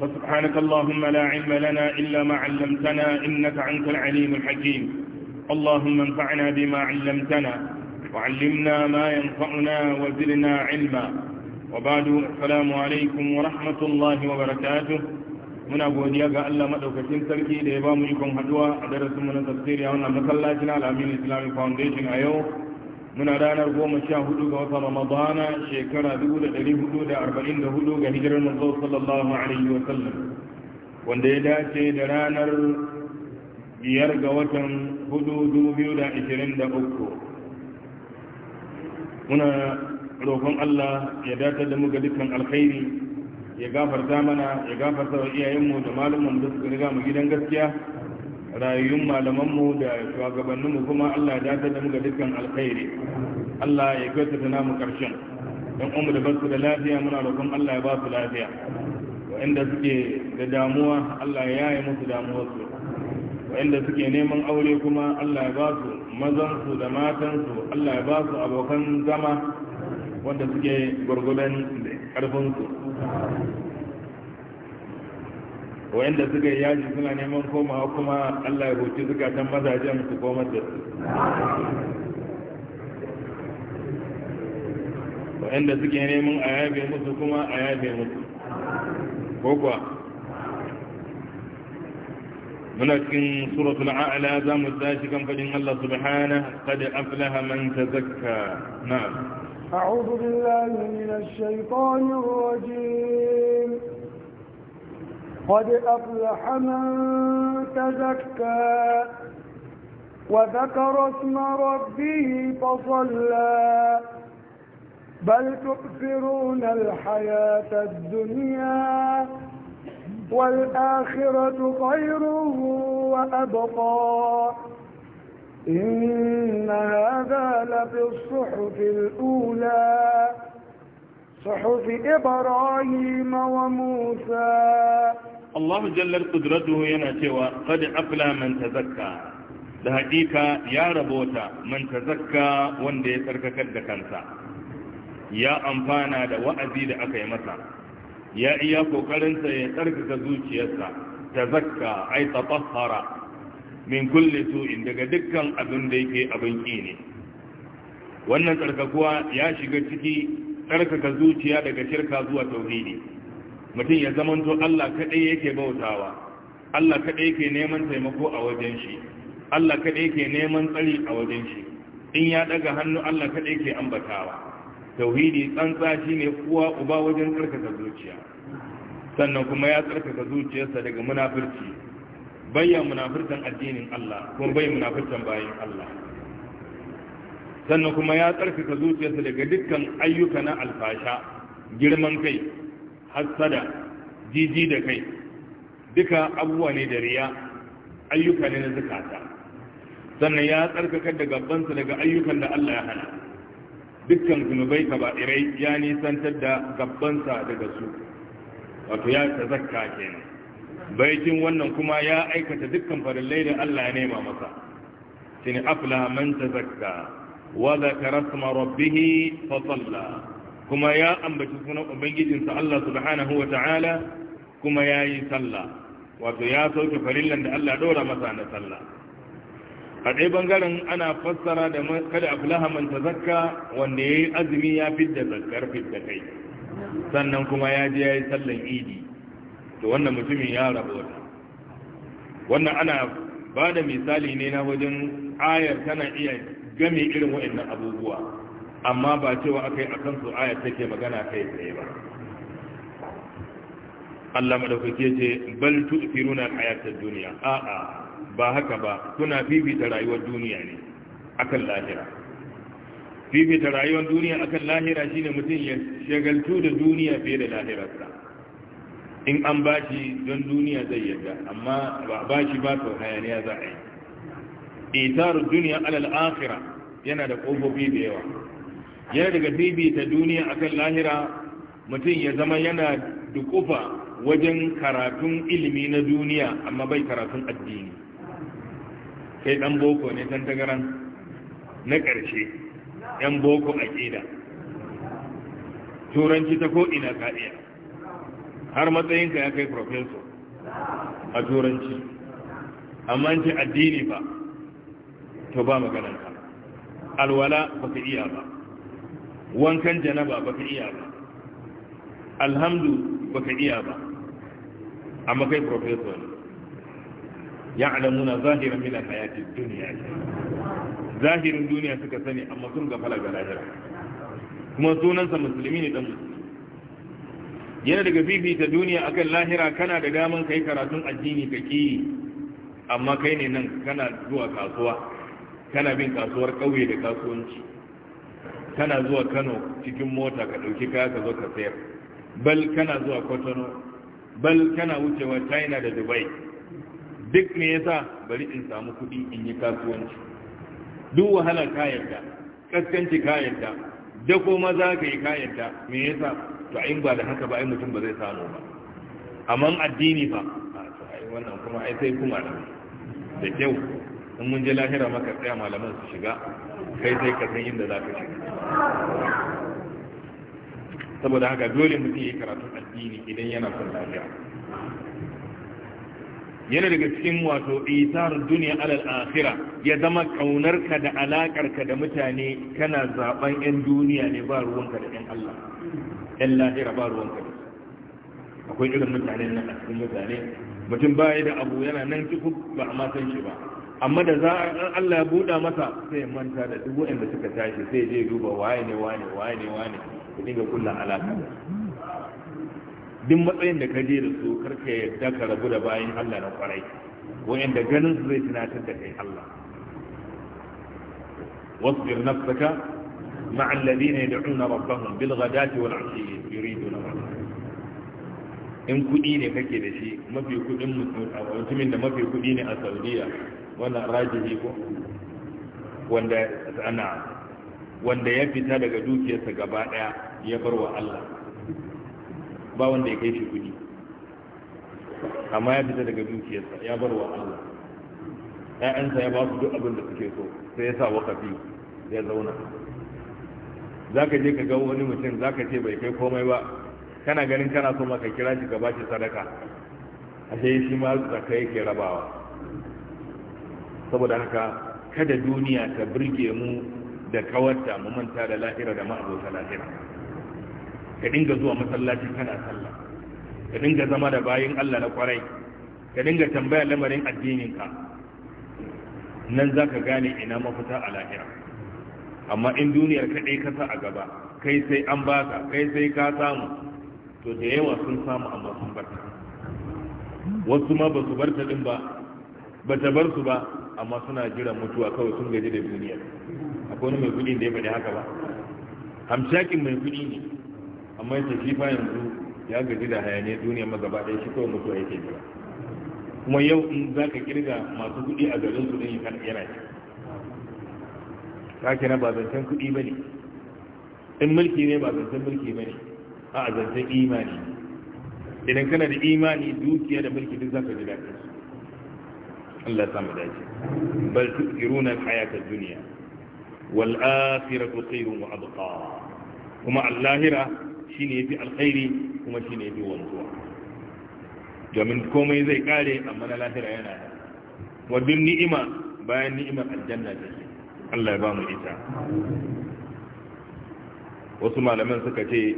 فسبحانك اللهم لا علم لنا إلا ما علمتنا إنك أنت العليم الحكيم اللهم انفعنا بما علمتنا وعلمنا ما ينفعنا وزرنا علما وبعد السلام عليكم ورحمة الله وبركاته muna godiya ga Allah madaukakin sarki da ya ba mu ikon haduwa a darasin mu na tafsiri a wannan masallacin Al-Amin Islamic Foundation a yau muna ranar goma sha hudu ga wata ramadana shekara dubu da dari hudu da arba'in da hudu ga hijirar manzo sallallahu alaihi wa sallam wanda ya dace da ranar biyar ga watan hudu dubu biyu da ashirin da uku muna roƙon allah ya dace da muga dukkan alkhairi ya gafarta mana ya gafarta wa iyayenmu da malumman da suka riga mu gidan gaskiya rayuwar malamanmu da shugabanninmu kuma Allah ya dace da mu ga dukkan alkhairi Allah ya da namu karshen dan umma da basu da lafiya muna roƙon Allah ya ba su lafiya wa'anda suke da damuwa Allah ya yaye musu damuwarsu wa'anda suke neman aure kuma Allah ya ba su mazansu da matansu Allah ya ba su abokan zama wanda suke gwargwadon ƙarfinsu wayanda suka yi yaji suna neman komawa kuma Allah ya huci zukatan mazajen su komar da su wayanda suke neman a yabe musu kuma a yabe musu ko kuwa muna cikin suratul a'la za mu tashi kan fadin Allah subhanahu qad aflaha man tazakka na'am a'udhu billahi minash shaitani rajim قد أفلح من تزكى وذكر اسم ربه فصلى بل تؤثرون الحياة الدنيا والآخرة خير وأبقى إن هذا لفي الصحف الأولى صحف إبراهيم وموسى Allahu jallar kudratuhu yana cewa qad afla man tazakka da hakika ya rabota man tazakka wanda ya tsarkakar da kansa ya amfana da wa'azi da aka yi masa ya iya kokarinsa ya tsarkaka zuciyarsa tazakka ay tatahhara min kulli su'in daga dukkan abin da yake abin ki ne wannan tsarkakuwa ya shiga ciki tsarkaka zuciya daga shirka zuwa tauhidi mutum ya zamanto Allah kaɗai yake bautawa Allah kaɗai yake neman taimako a wajen shi Allah kaɗai yake neman tsari a wajen shi in ya ɗaga hannu Allah kaɗai yake ambatawa tauhidi tsantsa ne kuwa uba wajen tsarkaka zuciya sannan kuma ya tsarkaka zuciyarsa daga munafurci bayyan munafurtan addinin Allah kuma bayyan munafurtan bayin Allah sannan kuma ya tsarkaka zuciyarsa daga dukkan ayyuka na alfasha girman kai hassada jiji da kai duka abubuwa ne da riya ayyuka ne na zukata sannan ya tsarkaka da gabansa daga ayyukan da Allah ya hana dukkan zunubai irai ya nisantar da gabansa daga su wato ya tazakka kenan baitin wannan kuma ya aikata dukkan farallai da Allah ya nema masa shine afla man tazakka wa zakara rabbih fa salla kuma ya ambaci sunan ubangijinsa Allah subhanahu wa ta'ala kuma ya yi sallah wato ya sauke farillan da Allah ɗora masa na sallah a ɗaya bangaren ana fassara da kada aflaha man zakka, wanda ya yi azumi ya fidda zakkar fidda kai sannan kuma ya ji ya yi sallan idi to wannan mutumin ya rabota wannan ana ba da misali ne na wajen ayar tana iya game irin waɗannan abubuwa amma ba cewa aka yi a kan su aya take magana kai tsaye ba Allah madaukake ce bal tu'thiruna al-hayatad dunya a'a ba haka ba kuna fifita rayuwar duniya ne akan lahira fifita rayuwar duniya akan lahira shine mutum ya shagaltu da duniya fiye da lahirarsa in an bashi don duniya zai yadda, amma ba bashi ba to hayaniya za a yi itaru duniya alal akhirah yana da kofofi da yawa yana daga bibita duniya akan lahira mutum ya zama yana dukufa wajen karatun ilimi na duniya amma bai karatun addini kai dan boko ne tagaran? na ƙarshe yan boko a ƙida turanci ta ko'ina ka har matsayinka ya kai profesor a turanci amma ce addini ba to ba maganarka alwala ba ka iya ba wankan janaba baka iya ba alhamdu baka iya ba amma kai professor ne ya'lamuna zahiran min al-hayati duniya ne zahirin duniya suka sani amma sun ga ga lahira kuma sunansa musulmi ne dan musulmi yana daga fifita duniya akan lahira kana da daman kai karatun addini ka ki amma kai ne nan kana zuwa kasuwa kana bin kasuwar kauye da kasuwanci kana zuwa kano cikin mota ka ɗauki kaya ka zo ka sayar bal kana zuwa kwatano bal kana wucewa china da dubai duk me yasa bari in samu kuɗi in yi kasuwanci duk wahalar kayanta kaskanci kayanta da ma za ka yi kayanta me yasa to ai ba da haka ba ai mutum ba zai samu ba amma addini ba wannan kuma ai sai kuma da kyau in mun je lahira maka tsaya malaman su shiga kai sai ka san inda za ka shiga saboda haka dole mutum ya karatu addini idan yana son lafiya yana daga cikin wato isar duniya alal akhira ya zama kaunarka da ka da mutane kana zaben yan duniya ne ba ruwanka da yan Allah yan lahira ba ruwanka da akwai irin mutanen nan a cikin mutane mutum baya da abu yana nan cikin ba a ma san shi ba amma da za a Allah ya buɗa masa sai ya manta da duk waɗanda suka tashi sai zai duba waye ne waye waye ne waye ya dinga kulla alaka duk matsayin da ka je da su karka yadda ka rabu da bayan Allah na kwarai waɗanda ganin su zai tunatar da kai Allah wasbir nafsaka مع الذين يدعون ربهم بالغداة والعشي يريدون وجهه in kudi ne kake da shi mafi kudin mutum a mutumin da mafi kudi ne a saudiya wannan rajihi ko wanda ana wanda ya fita daga dukiyarsa gaba daya ya bar wa Allah ba wanda ya kai shi kudi amma ya fita daga dukiyarsa ya bar wa Allah 'ya'yansa ya ba su duk abin da suke so sai ya sa wakafi ya zauna za ka je ka ga wani mutum za ce bai kai komai ba kana ganin kana so maka kira shi ka ba shi sadaka ashe shi ma zaka yake rabawa saboda haka kada duniya ta burge mu da kawarta mu manta da lahira da ma'abota lahira ka dinga zuwa masallaci kana sallah ka dinga zama da bayin Allah na kwarai ka dinga tambaya lamarin addininka nan za ka gane ina mafita a lahira amma in duniyar kaɗai ka sa a gaba kai sai an baka kai sai ka samu to da yawa sun samu amma sun barta wasu ma ba su barta din ba ba ta bar su ba amma suna jiran mutuwa kawai sun gaji da duniya akwai wani mai kuɗi da ya faɗi haka ba hamshakin mai kuɗi ne amma yake shi fa yanzu ya gaji da hayaniya duniya ma gaba ɗaya shi kawai mutuwa yake jira kuma yau in za ka kirga masu kuɗi a garin su ɗin yana ce ka kira ba zancen kuɗi ba ne in mulki ne ba zancen mulki ba ne a zancen imani idan kana da imani dukiya da mulki duk za ka ji daɗinsu. Allah samu dace bal tu'iruna al-hayata ad-dunya wal akhiratu khairun wa abqa kuma al-lahira shine yafi alkhairi kuma shine yafi wanzuwa domin komai zai kare amma na lahira yana wa dun ni'ima bayan ni'imar aljanna take Allah ya ba mu ita wasu malaman suka ce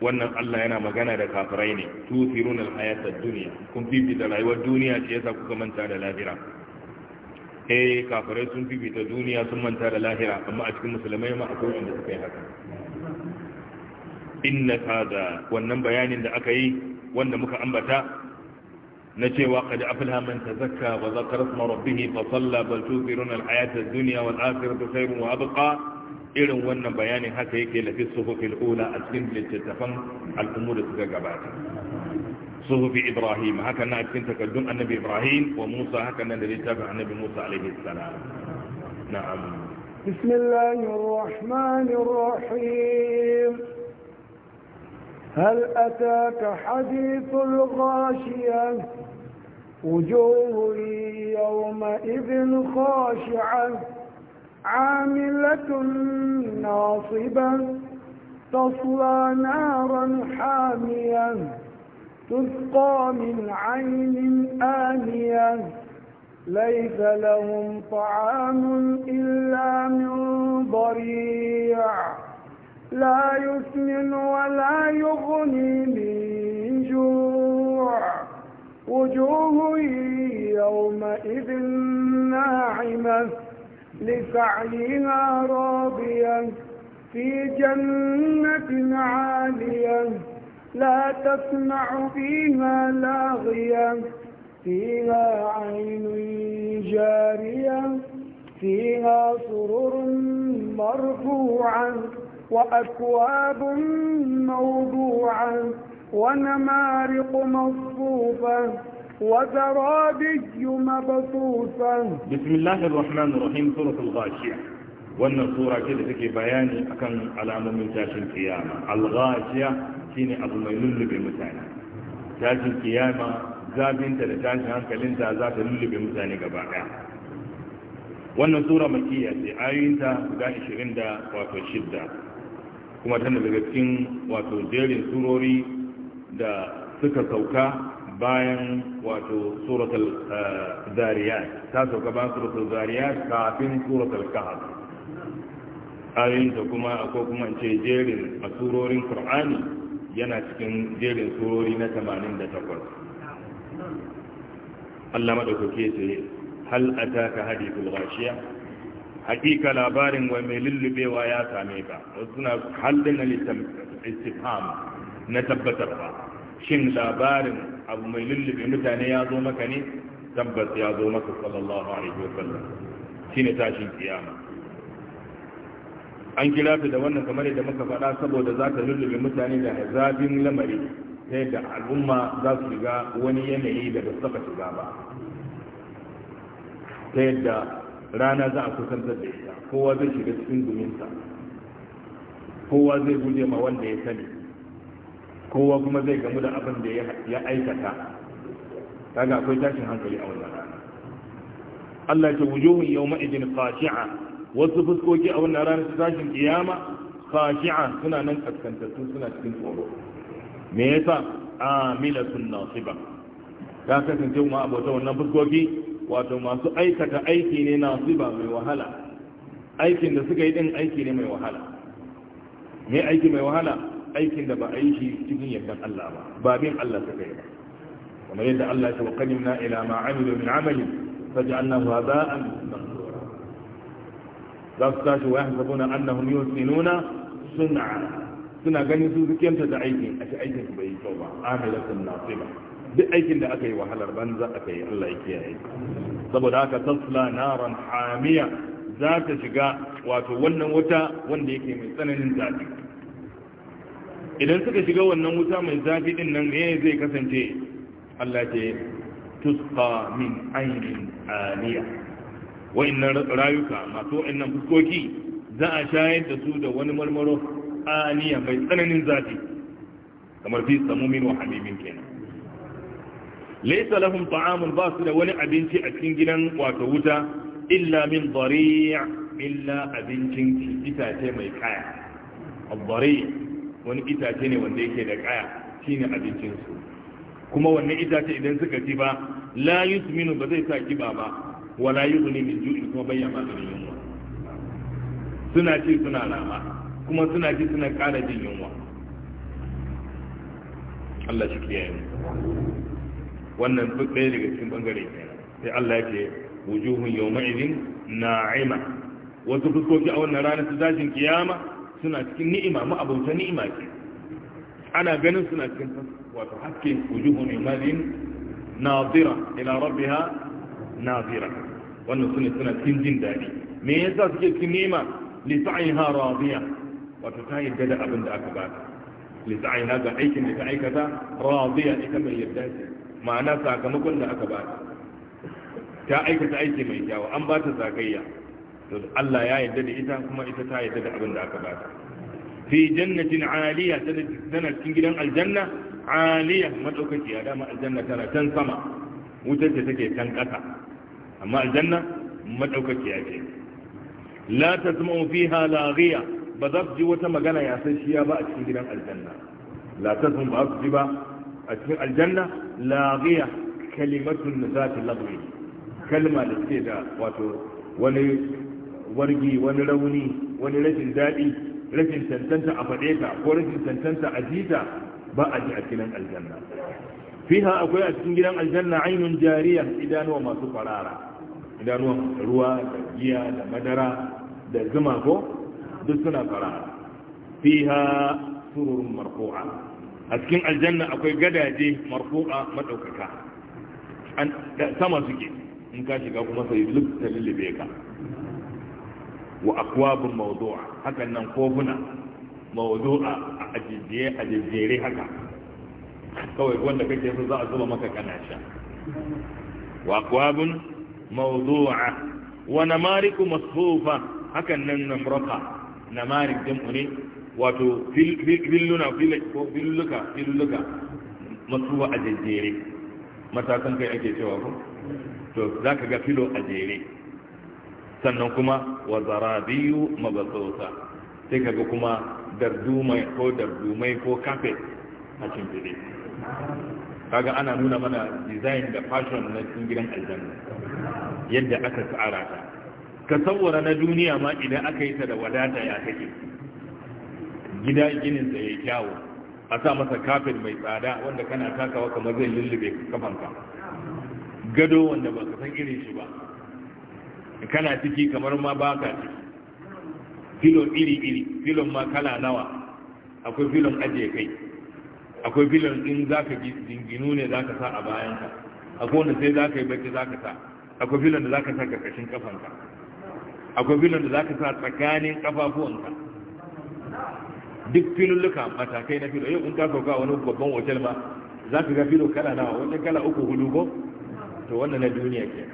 wannan Allah yana magana da kafirai ne tusirun alhayatar duniya kun fifita rayuwar duniya ce yasa kuka manta da lahira eh kafirai sun fifita duniya sun manta da lahira amma a cikin musulmai ma akwai wanda suka yi haka inna kaza wannan bayanin da aka yi wanda muka ambata na cewa qad aflaha man tazakka wa zakara isma rabbih fa salla bal tusirun alhayatar duniya wal akhiratu khairun wa abqa irin wannan bayanin haka yake lafi suhufil ula a cikin littattafan al'ummu da suka gabata suhufi ibrahim haka na cikin takaddun annabi ibrahim wa musa haka nan da littafin annabi musa alaihi salam na'am bismillahir rahmanir rahim hal ataka hadithul ghashiyah wujuhun yawma idhin khashi'ah عاملة ناصبة تصلى نارا حامية تسقى من عين آنية ليس لهم طعام إلا من ضريع لا يسمن ولا يغني من جوع وجوه يومئذ ناعمه لسعيها راضية في جنة عالية لا تسمع فيها لاغية فيها عين جارية فيها سرر مرفوعة وأكواب موضوعة ونمارق مصفوفة وزرابي مبثوثا بسم الله الرحمن الرحيم سورة الغاشية wannan sura ce da take bayani akan alamomin tashin kiyama al shine abu mai lullube mutane tashin kiyama zabinta da tashin hankalinta zata lullube mutane gaba daya wannan sura makiyya ce ayoyinta guda 20 da wato shidda kuma tana daga cikin wato jerin surori da suka sauka bayan wato suratul eh, zariyat ta sauka bayan suratul zariyat kafin suratul kahf da kuma ko kuma ce jerin a surorin qur'ani yana cikin jerin surori na 88 Allah madaukake ce hal ataka hadithul ghashiya hakika labarin wa mai lullubewa ya same ka wasu suna halin na istifham na tabbatarwa shin labarin abu mai lullube mutane ya zo maka ne tabbas ya zo maka sallallahu alaihi wasallam shine tashin kiyama an kira da wannan kamar yadda muka faɗa saboda za ta lullube mutane da hazabin lamari ta yadda al'umma za su shiga wani yanayi da ba saba shiga ba ta yadda rana za a kusantar da ita kowa zai shiga cikin duminsa kowa zai guje ma wanda ya sani kowa kuma zai gamu da abin da ya aikata kaga akwai tashin hankali a wannan rana Allah ta wujuhun yau ma'ajin khashi'a wasu fuskoki a wannan rana su tashin kiyama khashi'a suna nan kaskantattu suna cikin tsoro me yasa amilatun nasiba ta kasance ma abota wannan fuskoki wato masu aikata aiki ne nasiba mai wahala aikin da suka yi din aiki ne mai wahala me aiki mai wahala aikin da ba a yi shi cikin yardan Allah ba babin Allah suka yi ba kuma yadda Allah ya waqadimna ila ma amilu min amalin faj'alnahu haba'an ba za su tashi wa yahsabuna annahum yusinuna sun'a suna ganin su zikiyanta da aikin a shi aikin su bai yi kyau ba amilatun nasiba duk aikin da aka yi wahalar banza aka yi Allah ya kiyaye saboda haka tasla naran hamiya za ta shiga wato wannan wuta wanda yake mai tsananin zafi idan suka shiga wannan wuta mai zafi din nan ne zai kasance Allah ce tusqa min ainin aliya wa'annan rayuka masu wa'annan fuskoki za a shayar da su da wani marmaro aliya mai tsananin zafi kamar fi samumin wa hamimin kenan laysa lahum ta'amun ba su da wani abinci a cikin gidan wato wuta illa min dari' illa abincin itace mai kaya al-dari' wani itace ne wanda yake da kaya shine abincin su kuma wannan itace idan suka ci ba la yusminu ba zai sa kiba ba wala yughni min ju'in kuma bayya ma da yunwa suna ci suna rama kuma suna ci suna ƙara jin yunwa Allah shi kiyaye mu wannan duk ɗaya daga cikin bangare sai Allah ya ce wujuhun yawma idin na'ima wasu fuskoki a wannan ranar su tashin kiyama suna cikin ni'ima mu abauta ni'ima ce ana ganin suna cikin wato haske wujuhun yumalin nazira ila ha nazira wannan sune suna cikin jin daɗi me yasa suke cikin ni'ima li sa'iha radiya wato ta yadda da abin da aka bata li sa'iha ga aikin da ta aikata radiya ita mai yadda ce ma'ana sakamakon da aka bata ta aikata aiki mai kyawu an bata zakayya Allah ya yarda da ita kuma ita ta yarda da abin da aka bata fi jannatin aliya tana cikin gidan aljanna aliya madaukakiya dama aljanna tana can sama wutar da take can kasa amma aljanna madaukakiya ce la tasma'u fiha laghiya ba za su ji wata magana ya san shiya ba a cikin gidan aljanna la tasma'u ba su ji ba a cikin aljanna laghiya kalimatun nazati lagwi kalma da ce da wato wani wargi wani rauni wani rashin daɗi rashin tantanta a faɗe ta ko rashin tantanta a jita ba a ji a cikin aljanna fiha akwai a cikin gidan aljanna ainun jariya idanuwa masu farara idanuwa ruwa da giya da madara da zuma ko duk suna farara fiha sururun marfu'a a cikin aljanna akwai gadaje marfu'a madaukaka sama suke in ka shiga kuma sai lubta lullube ka wa akwabin mawdu'a hakan nan kofuna mawdu'a a ajiye a jere haka kawai wanda kake so za a zuba maka kana sha wa akwabin mawdu'a wa namariku masfufa hakan nan namraka namarik jam'u ne wato filluna filluka filluka masfufa a jere matakan kai ake cewa ko to zaka ga filo a jere sannan kuma wa zarabiyu mabasauta sai kaga kuma dardumai ko dardumai ko kafe a cimfide kaga ana nuna mana design da fashion na cikin gidan aljanna yadda aka tsara ta ka saurara na duniya ma idan aka yi ta da wadata ya take gida ginin sa yayi kyawu a sa masa kafin mai tsada wanda kana takawa kamar zai lullube kafanka gado wanda ba ka san irin shi ba kana ciki kamar ma baka filon iri-iri filon ma kala nawa akwai filon ajiye kai akwai filon in za ka jinginu ne za ka sa a bayanka akwai wanda sai za ka yi bacci za ka sa akwai filon da za ka sa karkashin kafanka akwai filon da za ka sa tsakanin kafafuwanka duk filulluka matakai na filo yau in ka sauka wani babban otel ma za ka ga filo kala nawa wani kala uku hudu ko to wannan na duniya ke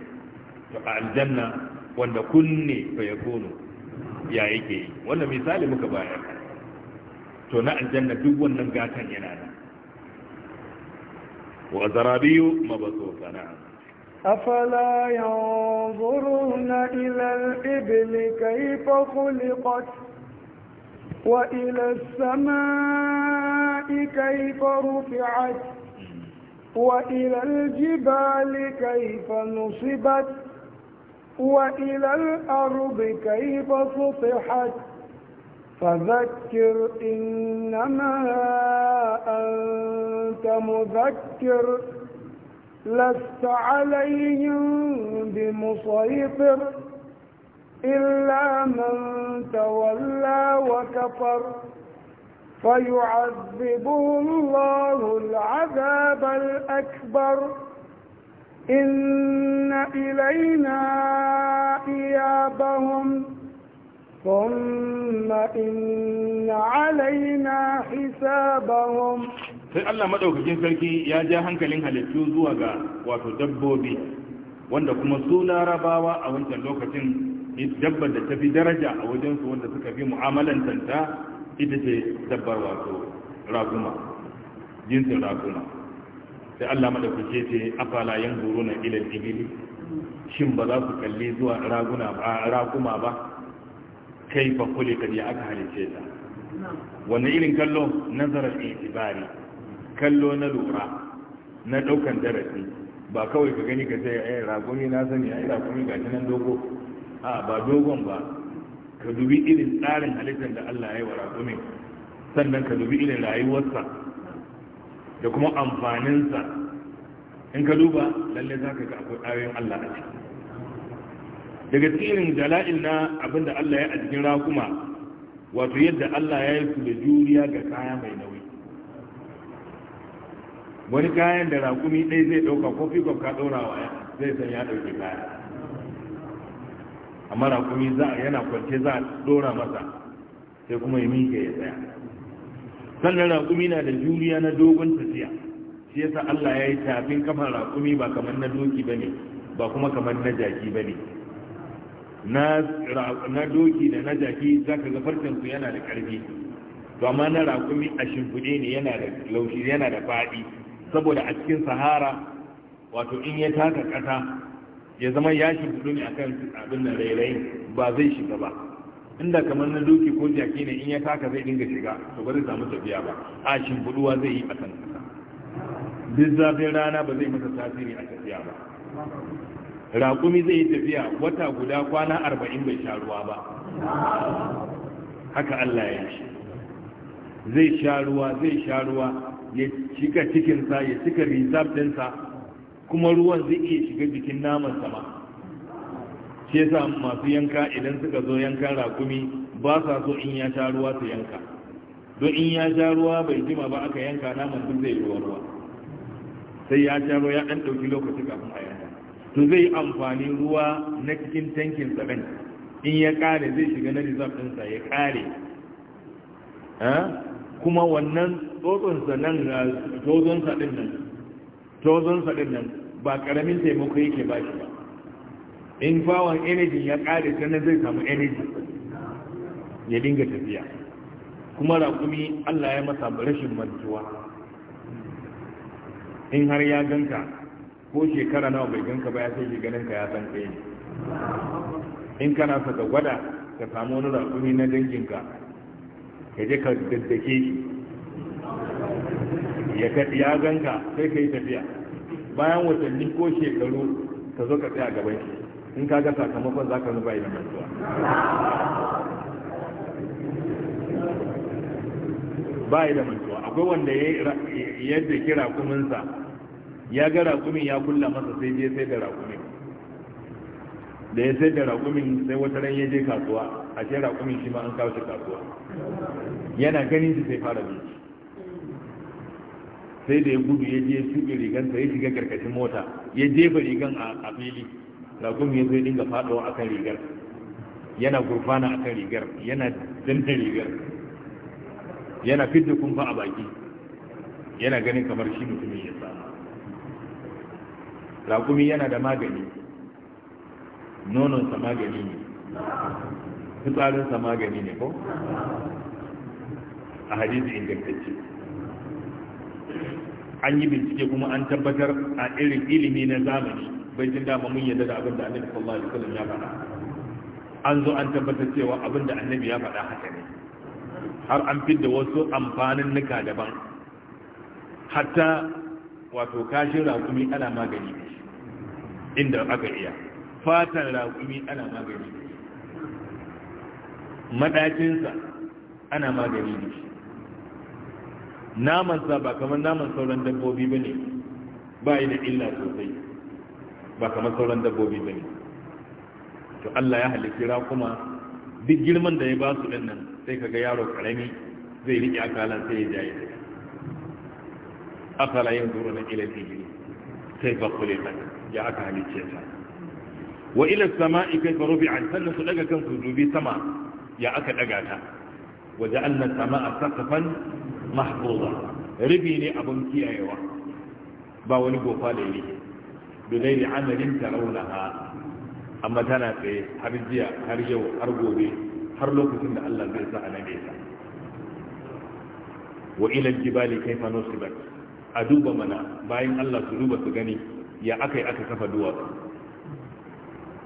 to a aljanna wanda kunne fa kono ya yake yi wannan misali muka bayar to na aljanna duk wannan gatan yana nan wa zarabiyu mabsuta na'am أفلا ينظرون إلى الإبل كيف خلقت وإلى السماء كيف رفعت وإلى الجبال كيف نصبت وإلى الأرض كيف سطحت فذكر إنما أنت مذكر لست عليهم بمسيطر إلا من تولى وكفر فيعذبه الله العذاب الأكبر إن إلينا إيابهم ثم إن علينا حسابهم sai Allah madaukakin sarki ya ja hankalin halittu zuwa ga wato dabbobi wanda kuma su larabawa a wancan lokacin dabbar da ta fi daraja a wajensu wanda suka fi mu'amalantanta ita ce dabbar wato raguma jinsin raguma sai Allah madaukake ce afala yanzuruna ila al-ibili shin ba za ku kalli zuwa raguna ba raguma ba kai fa kule ka ya aka halice ta wannan irin kallo nazarar itibari kallo na lura na daukan darasi ba kawai ka gani ka sai ai eh, ragumi na sani ai ragumi ga nan dogo a ba dogon ba ka dubi irin tsarin halittar da Allah ya yi wa ragumin sannan ka dubi irin rayuwarsa da kuma amfaninsa in ka duba lalle za ka ga akwai ayoyin Allah a ciki daga tsirin jala'il na abinda Allah ya a cikin rakuma wato yadda Allah ya yi su da juriya ga kaya mai nauyi wani kayan da rakumi ɗaya zai ɗauka ko fi ka ɗaurawa zai san ya ɗauke kaya amma rakumi yana kwance za a ɗora masa sai kuma ya minke ya tsaya sannan raƙumi na da juriya na dogon tafiya shi yasa Allah ya yi tafin kafar raƙumi ba kamar na doki ba ne ba kuma kamar na jaki ba ne na doki da na jaki za ka ga farcensu yana da ƙarfi to amma na raƙumi a shimfiɗe ne yana da laushi yana da faɗi saboda a cikin sahara wato in ya taka ƙasa ya zama ya shimfiɗu ne akan abin da rairayi ba zai shiga ba inda kamar na doki ko jaki ne in ya taka zai dinga shiga to ba zai samu tafiya ba a buduwa zai yi a kan kasa. duk zafin rana ba zai masa tasiri a tafiya ba raƙumi zai yi tafiya wata guda kwana arba'in bai sha ruwa ba haka allah ya shi zai sha ruwa zai sha ruwa ya cika cikinsa ya cika rizab ɗinsa kuma ruwan zai iya shiga jikin naman sama shi yasa masu yanka idan suka zo yankan rakumi ba sa so in ya sha ruwa su yanka don in ya sha ruwa bai jima ba aka yanka naman duk zai ruwa ruwa sai ya sha ruwa ya dan dauki lokaci kafin a yanka to zai yi amfani ruwa na cikin tankin sabin in ya kare zai shiga na reserve ɗinsa ya kare kuma wannan sa nan sa din nan sa din nan ba ƙaramin taimako yake ba shi ba in fawon energy ya kare sannan zai samu energy ya dinga tafiya kuma raƙumi Allah ya masa rashin mantuwa in har ya ganka ko shekara nawa bai ganka ba ya sai shi ganin ka ya san kai ne in kana so ka gwada ka samu wani raƙumi na danginka ka je ka daddake shi ya kaɗi ya ganka sai ka yi tafiya bayan watanni ko shekaru ka zo ka tsaya gaban shi in ka ga sakamakon za ka zuba yi da ba yi da mantuwa akwai wanda yadda ki rakuminsa ya ga rakumin ya kulla masa sai je sai da rakumin da ya sai da rakumin sai wata ran ya je kasuwa a ce rakumin shi ma an kawo shi kasuwa yana ganin shi sai fara bici sai da ya gudu ya je ya tuɓe rigansa ya shiga karkashin mota ya jefa rigan a fili ragon ya zai dinga faɗowa a kan rigar yana gurfana a kan rigar yana danta rigar yana fidda kumfa a baki yana ganin kamar shi mutumin ya sa raƙumi yana da magani nononsa magani ne fitsarinsa magani ne ko a hadisi ingantacce an yi bincike kuma an tabbatar a irin ilimi na zamani Bai jin dama mun yadda da abin da annabi sallallahu alaihi wasallam ya faɗa an zo an tabbatar cewa abin da annabi ya faɗa haka ne har an fidda wasu amfanin nuka daban hatta wato kashin raƙumi ana magani inda aka iya fatan raƙumi ana magani madacinsa ana magani da shi namansa ba kamar naman sauran dabbobi ba ne ba yi da illa sosai ba kamar sauran dabbobi bane to Allah ya halitta kuma duk girman da ya ba su din nan sai kaga yaro karami zai riƙe akalan sai ya jaye yin afala na ila al-ibli kayfa khuliqat ya aka halice ta wa ila as-sama'i kayfa rufi'at sannan su daga kan su dubi sama ya aka daga ta وجعلنا السماء سقفا محفوظا ربي ne abun kiyayewa ba wani gofa da yake bidai amalin tarawunaha amma tana tsaye har jiya har yau har gobe har lokacin da Allah zai sa na ta wa ila jibali kaifa nusibat a duba mana bayan Allah su duba su gani ya akai aka kafa duwatsu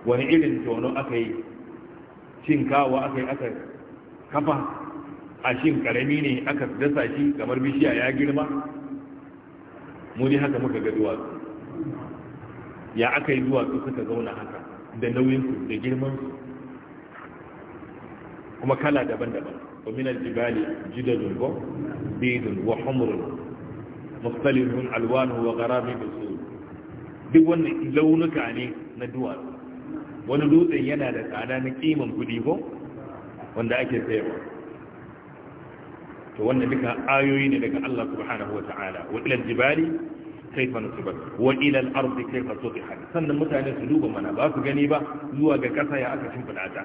wani irin tono akai cin kawa aka yi aka kafa a shin karami ne aka dasa shi kamar bishiya ya girma mu ne haka muka ga duwatsu ya aka yi duwatsu suka zauna haka da nauyinsu da girmansu kuma kala daban-daban jibali ومن الجبال جدد بيض وحمر مختلف ألوانه وغرابيب su. duk wannan launuka ne na duwatsu wani dutsen yana da tsada na kiman kudi ba wanda ake sayarwa to wannan duka ayoyi ne daga Allah subhanahu wa ta'ala wa ilal jibali kaifa nusubat wa ila al-ard kaifa sutihat sannan mutane su duba mana ba su gani ba zuwa ga kasa ya aka shimfida ta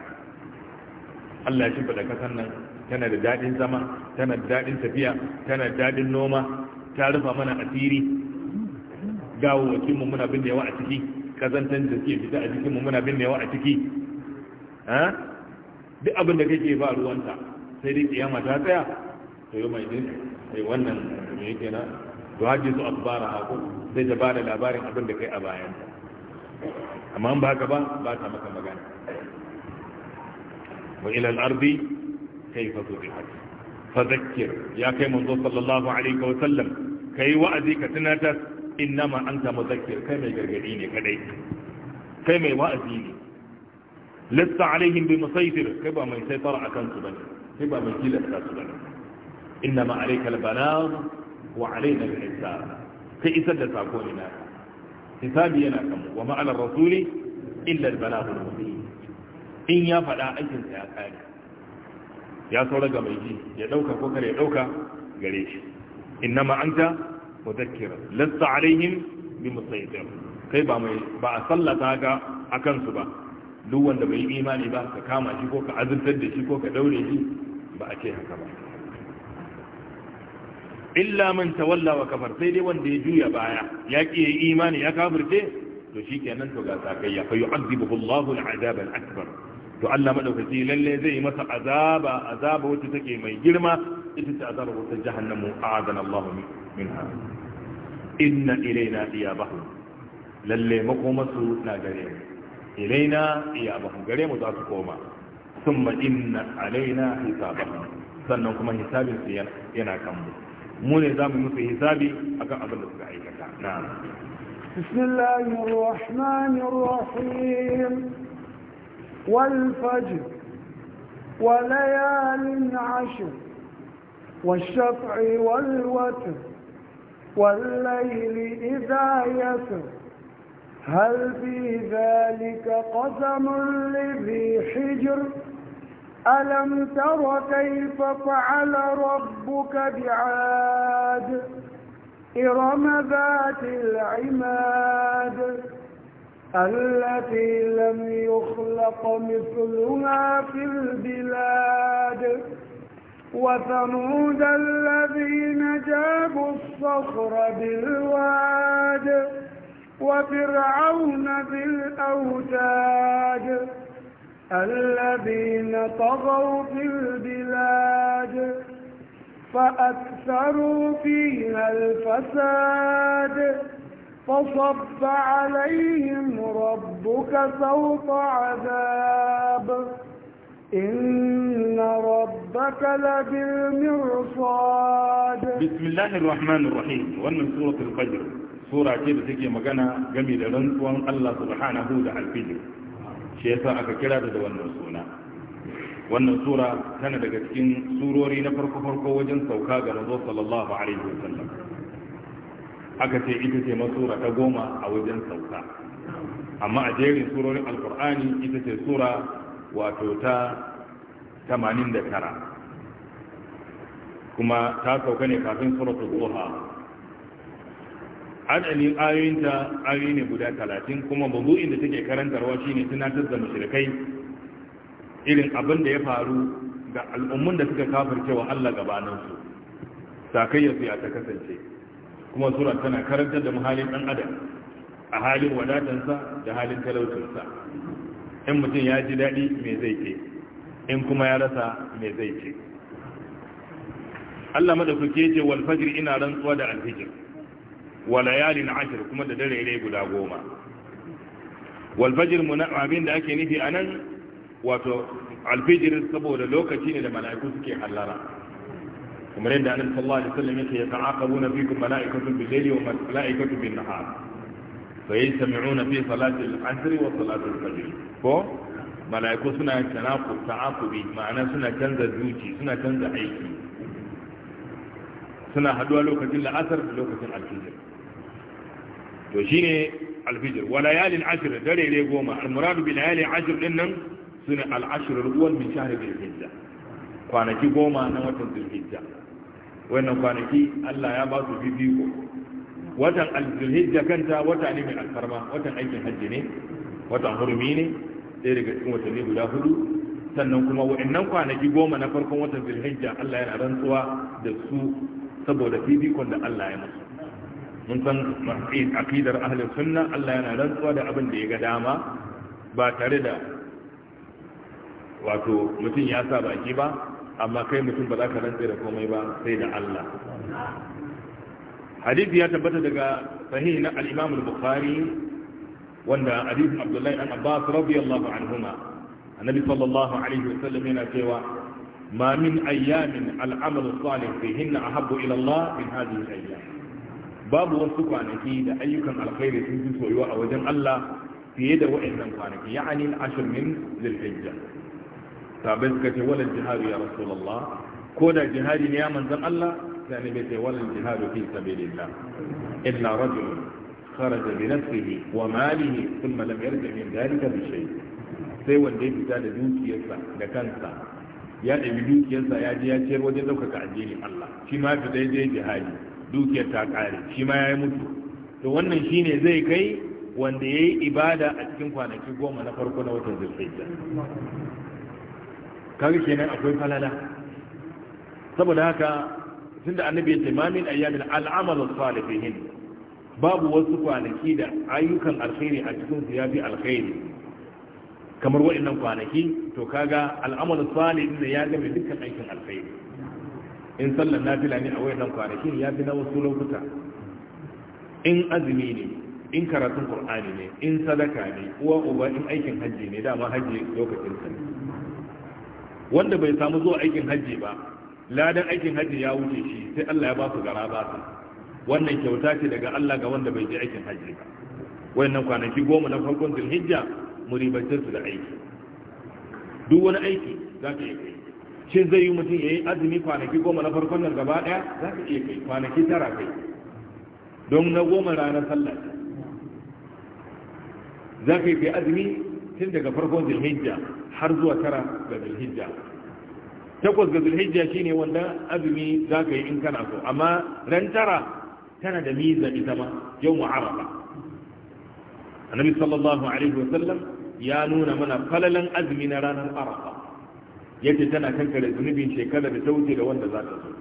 Allah ya shimfida kasan nan tana da dadin zama tana da dadin tafiya tana da dadin noma ta rufa mana asiri gawo wakin mu muna binnewa a ciki kazantan da suke fita a jikin mu muna binnewa a ciki ha duk abin da kake ba ruwanta sai dai kiyama ta tsaya to yau mai din sai wannan me yake na to haji su akbara haku sai ta bada labarin abin da kai a bayan amma ba ka ba ba ta maka magana wa ila al-ardi kayfa tudihat fadhakkir ya kai manzo sallallahu alaihi wa sallam kai wa'azi ka tunatar innama anta mudhakkir kai mai gargadi ne kadai kai mai wa'azi ne lasta alaihim bi musaytir kai ba mai saitara akan su bane kai ba mai tilasta su bane innama alayka al-balagh wa alaina al-hisab kai isar da sako ne na hisabi yana kan wa ma ala rasuli illa al-balagh al-mubin in ya fada aikin sa ya kare ya saura ga mai ji ya dauka ko kare ya dauka gare shi innama anta mudakkira lasta alaihim bi musaytir kai ba mai ba a sallata ga akan su ba duk wanda bai imani ba ka kama shi ko ka azurtar da shi ko ka daure shi ba a ce haka ba illa man tawalla wa kafar sai dai wanda ya juya baya ya ki yi imani ya kafirce to shi kenan to ga sakayya fa yu'adhibuhu Allahu al'azab al'akbar to Allah madaukaki lalle zai masa azaba azaba wacce take mai girma ita ce azaba wata jahannamu a'adana Allahu minha inna ilaina iyabahu lalle makomasu na gare mu ilaina iyabahu gare mu za su koma summa inna alaina hisabahum sannan kuma hisabin su yana kan mu مو ne za في حسابي hisabi akan abin نعم بسم الله الرحمن الرحيم والفجر وليال عشر والشفع والوتر والليل إذا يسر هل في ذلك قسم لذي حجر ألم تر كيف فعل ربك بعاد إرم ذات العماد التي لم يخلق مثلها في البلاد وثمود الذين جابوا الصخر بالواد وفرعون بالأوتاد الذين طغوا في البلاد فأكثروا فيها الفساد فصب عليهم ربك سوط عذاب إن ربك لبالمرصاد بسم الله الرحمن الرحيم ومن سورة الفجر سورة كيف تكي مكانا جميلة لنسوان الله سبحانه وتعالى الفجر shi yasa aka kira da wannan suna wannan sura tana daga cikin surori na farko farko wajen sauka ga manzo sallallahu alaihi wasallam aka ce ita ce masura ta goma a wajen sauka amma a jerin surorin alkur'ani ita ce sura wato ta 89 kuma ta sauka ne kafin suratul duha adalin ayoyinta ayoyi ne guda talatin kuma mabu'in da take karantarwa shine tunatar da mashirikai irin abin da ya faru ga al'ummun da suka kafirce wa Allah gabaninsu sakayyarsu ya ta kasance kuma sura tana karantar da muhalin dan adam a halin wadatansa da halin talautinsa in mutum ya ji daɗi me zai ce in kuma ya rasa me zai ce Allah ke ce wal fajr ina rantsuwa da alfijir wa layalin ashir kuma da dare dai guda goma wal fajr abin da ake nufi anan wato alfijir saboda lokaci ne da mala'iku suke hallara kuma yadda annabi sallallahu alaihi wasallam yake ya ta'aqabuna fikum mala'ikatu bil layli wa mala'ikatu bin nahar fa yastami'una fi salati al asr wa salati al fajr ko mala'iku suna tanaqub ta'aqubi ma'ana suna canza zuci suna canza aiki suna haduwa lokacin la'asar da lokacin alfijir to shine alfijir wa layalin ashr dare ne goma almuradu bi layalin ashr din nan sune al-ashr al-awwal min shahr dhulhijja kwanaki goma na watan dhulhijja wannan kwanaki Allah ya ba su bibiko watan al-dhulhijja kanta wata ne mai alfarma watan aikin hajji ne watan hurmi ne sai daga cikin watanni guda hudu sannan kuma wa'annan kwanaki goma na farkon watan zulhijja Allah yana rantsuwa da su saboda fifikon da Allah ya masu. mun san aqidar ahlus sunna Allah yana rantsuwa da abin da ya ga dama ba tare da wato mutum ya sa baki ba amma kai mutum ba za ka rantsa da komai ba sai da Allah hadisi ya tabbata daga sahih na al-Imam al-Bukhari wanda hadisin Abdullahi dan Abbas radiyallahu anhuma annabi sallallahu alaihi wasallam yana cewa ma min ayyamin al-amalu salih fihinna ahabbu ila Allah min hadhihi al-ayyam babu wasu kwanaki da ayyukan alkhairi sun fi soyuwa a wajen Allah fiye da wa'annan kwanaki ya al-ashr min zulhijja sabai suka ce walal jihadu ya rasulallah? ko da jihari ne ya manzon Allah sai ne bai ce walal jihadu fi sabilillah illa rajul kharaja bi nafsihi wa malihi thumma lam yarji min dhalika bi shay sai wanda ya fita da dukiyarsa da kansa ya ɗabi dukiyarsa ya je ya ciyar wajen ɗaukaka addinin Allah shi ma fita ya je jihadi dukiyar ta kare shi ma ya yi mutu to wannan shine zai kai wanda ya yi ibada a cikin kwanaki goma na farko na watan zulhijja kaga kenan akwai falala saboda haka tunda annabi ya ce ma ayyamin al'amal salihin babu wasu kwanaki da ayyukan alkhairi a cikin su yafi alkhairi kamar waɗannan kwanaki to kaga al'amal salihin da ya gama dukkan aikin alkhairi in sallar nafila ne a wayannan kwanakin ya fi na wasu lokuta in azumi ne in karatun qur'ani ne in sadaka ne uwa uba in aikin hajji ne dama hajji lokacin sa wanda bai samu zuwa aikin hajji ba ladan aikin hajji ya wuce shi sai Allah ya ba su gara ba su wannan kyauta ce daga Allah ga wanda bai je aikin hajji ba wayannan kwanaki goma na farkon zulhijja mu su da aiki duk wani aiki za ka yi shi zai yi mutum ya yi azumi kwanaki goma na farkon nan gaba ɗaya za ka iya kai kwanaki tara kai don na goma ranar sallah za ka yi kai azumi tun daga farkon zulhijja har zuwa tara ga zulhijja takwas ga zulhijja shine wanda azumi za ka yi in kana so amma ran tara tana da miza ita ma yau mu'arafa annabi sallallahu alaihi wasallam ya nuna mana falalan azumi na ranar arafa yace tana kankare zunubin shekara da ta wuce da wanda za ta zo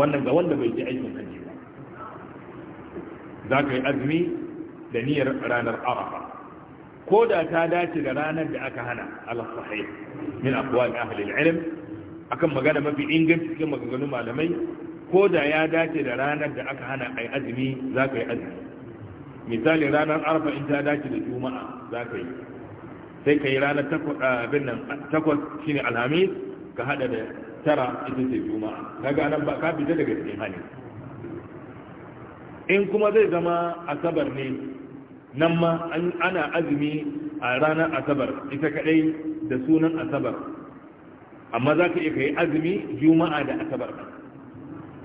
wannan ga wanda bai ji aikin hajji ba za ka yi azumi da niyyar ranar arafa ko da ta dace da ranar da aka hana al-sahih min da ahli al-ilm akan magana mafi inganci cikin maganganun malamai ko da ya dace da ranar da aka hana ai azumi za ka yi azumi misali ranar arfa in ta dace da juma'a za ka yi sai ka yi ranar abin nan takwas shi ne alhamis ka hada da tara ita ce juma'a na gana ba ka fita daga cikin hali in kuma zai zama asabar ne nan ma ana azumi a ranar asabar ita kadai da sunan asabar amma za ka iya yi azumi juma'a da asabar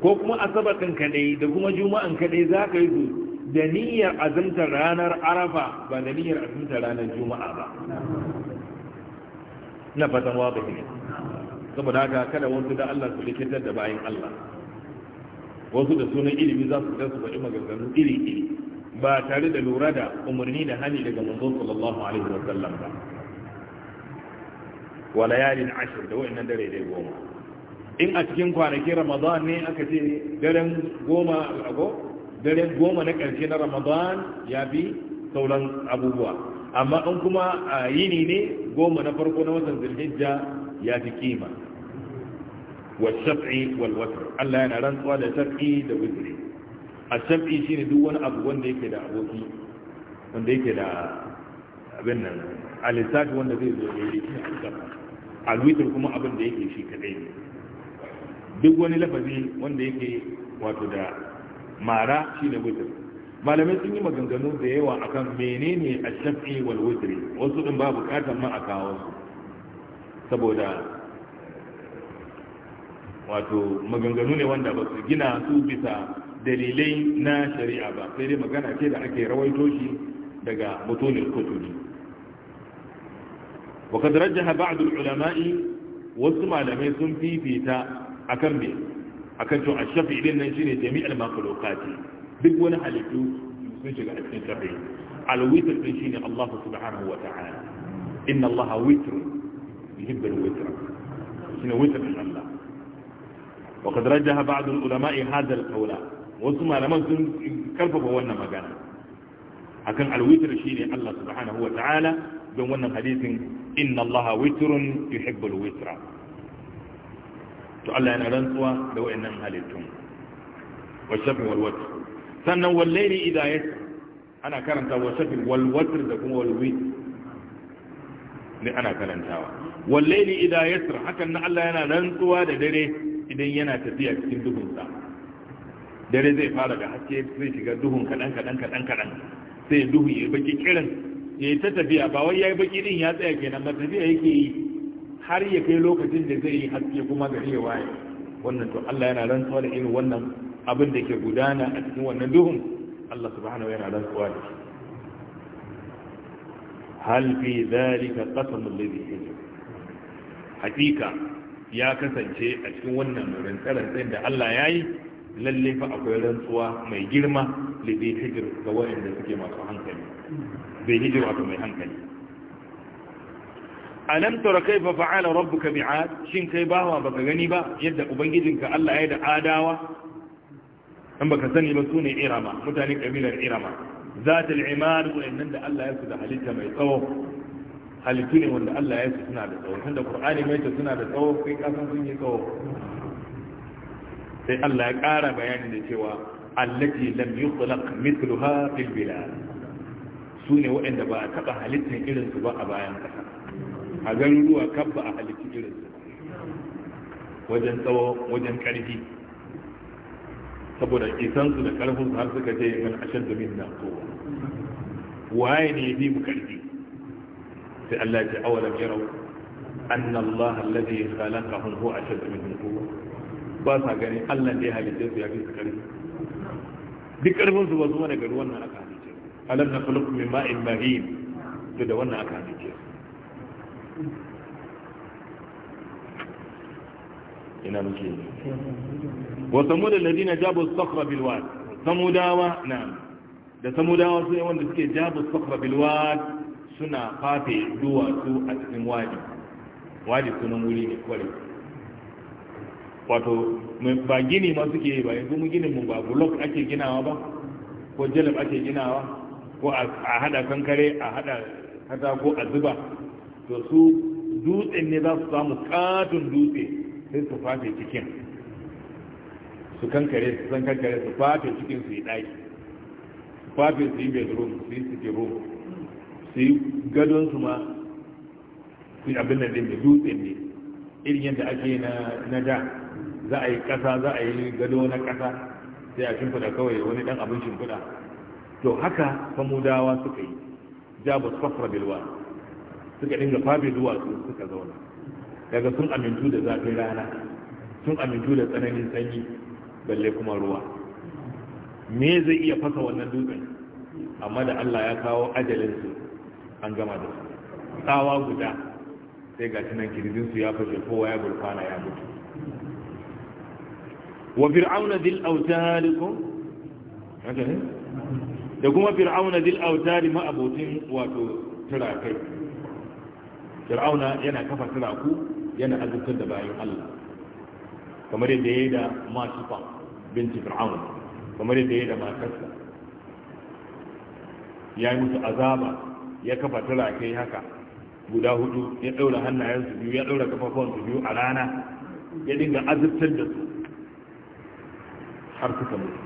ko kuma asabar ɗin kadai da kuma juma'an kadai za ka yi su da niyyar azumtar ranar arafa ba da niyyar azumtar ranar juma'a ba na fatan wa ne saboda haka kada wasu da Allah su likitar da bayan Allah wasu da sunan ilimi za su ta su faɗi maganganu iri iri ba tare da lura da umarni da hani daga manzon sallallahu alaihi wa sallam ba wa layalin ashir da wa'annan dare dai goma in a cikin kwanakin ramadan ne aka ce daren goma al'ago dare goma na ƙarshe na ramadan ya bi sauran abubuwa amma in kuma a yini ne goma na farko na watan zulhijja ya fi kima wa shaf'i wal watr Allah yana rantsuwa da shaf'i da wutri a shaf'i ne duk wani abu wanda yake da aboki wanda yake da abin nan a lissafi wanda zai zo yayi shi a wutr kuma abin da yake shi kadai ne. duk wani lafazi wanda yake wato da mara shi ne wutar malamai sun yi maganganu da yawa akan menene a shafi wal witr wasu din ba buƙatar ma a kawo su saboda wato maganganu ne wanda ba su gina su bisa dalilai na shari'a ba sai dai magana ce da ake rawaito shi daga mutunin kotuni. wa kadarajja ba'd ulamai wasu malamai sun fifita akan me akan to ashafi din nan shine jami'al makhluqati duk wani halittu sun shiga a cikin shafi alwitr din shine Allah subhanahu wa ta'ala inna Allah witr yuhibbul witr shine witr din Allah wa qad rajaha ba'd ulama'i hadha al-qawla wasu malaman sun karfafa wannan magana akan alwitr shine Allah subhanahu wa ta'ala don wannan hadisin inna Allah witrun yuhibbul witra to Allah yana rantsuwa da wayannan halittun wa shafin wal sannan wal layli idha yasr ana karanta wa shafin wal da kuma wal witr ne ana karantawa wal layli idha yasr hakan nan Allah yana rantsuwa da dare idan yana tafiya cikin duhun sa dare zai fara da haske zai shiga duhun kadan kadan kadan kadan sai duhu ya baki kiran ya yi ta tafiya ba wai ya yi baki din ya tsaya kenan ba tafiya yake yi har ya kai lokacin da zai yi haske kuma gari ya waye wannan to Allah yana rantsuwa da irin wannan abin da ke gudana a cikin wannan duhun Allah subhanahu yana rantsuwa da shi hal fi dhalika qasamul ladhi yake hakika ya kasance a cikin wannan rantsarantsayin da Allah ya yi lalle fa akwai rantsuwa mai girma da zai hijir ga waɗanda suke masu hankali zai hijir wato mai hankali alam tara kaifa fa'ala rabbuka bi'ad shin kai bawa baka gani ba yadda ubangijinka Allah ya da adawa dan baka sani ba sune irama mutane kabilar irama zat al-imad wa'annan da Allah ya su da halitta mai tsawo halittu ne wanda Allah ya su suna da tsawo tunda qur'ani mai ta suna da tsawo kai ka san sun yi tsawo sai Allah ya ƙara bayani da cewa allati lam yukhlaq mithluha fil bilad sune wa'anda ba a taba halittar irin su ba a bayan kasa a garuruwa kabba a halittu irinsu wajen tsawo wajen ƙarfi saboda isansu da ƙarfinsu har suka ce man ashar da min na kowa waye ne ya fi mu ƙarfi sai Allah ya ce awalam yarau anna Allah alladhi khalaqahum huwa ashad minhum quwwa ba sa gani Allah da ya ya fi su ƙarfi duk ƙarfin ba su mana garuwan nan aka halitta alam na da wannan aka ina muke wa samuda ladina jabu sakhra bil wad samudawa na'am da samudawa su wanda suke jabu sakhra bil wad suna fafe duwatsu a cikin wadi wadi sunan wuri ne kware wato ba gini ma suke yi ba yanzu mu ginin mu ba block ake ginawa ba ko jalab ake ginawa ko a hada kankare a hada katako a zuba to su dutsen ne za su samu katon dutse sai su fafe cikin su kankare su san kankare su fafe cikin su yi ɗaki su fafe su yi bedroom su yi suke room su yi gadon su ma su yi abin da ɗin da dutse ne irin yadda ake na da za a yi kasa za a yi gado na kasa sai a shimfida kawai wani ɗan abin shimfiɗa to haka famudawa suka yi jabus fafra bilwa suka dinga fabe duwatsu suka zauna daga sun amintu da zafin rana sun amintu da tsananin sanyi balle kuma ruwa me zai iya fasa wannan dutsen amma da Allah ya kawo ajalinsu an gama da su tsawa guda sai ga tunan kirjinsu ya fashe kowa ya gurfana ya mutu wa fir'auna dil autarikum haka da kuma fir'auna dil autari ma abotin wato turakai fir'auna yana kafa turaku yana azurtar da bayan allah kamar yadda ya yi da masufa binci fir'auna kamar yadda ya yi da matarsa ya yi musu azaba ya kafa turakai haka guda hudu ya ɗaura hannayensu biyu ya ɗaura su biyu a rana ya dinga azurtar da su har suka mutu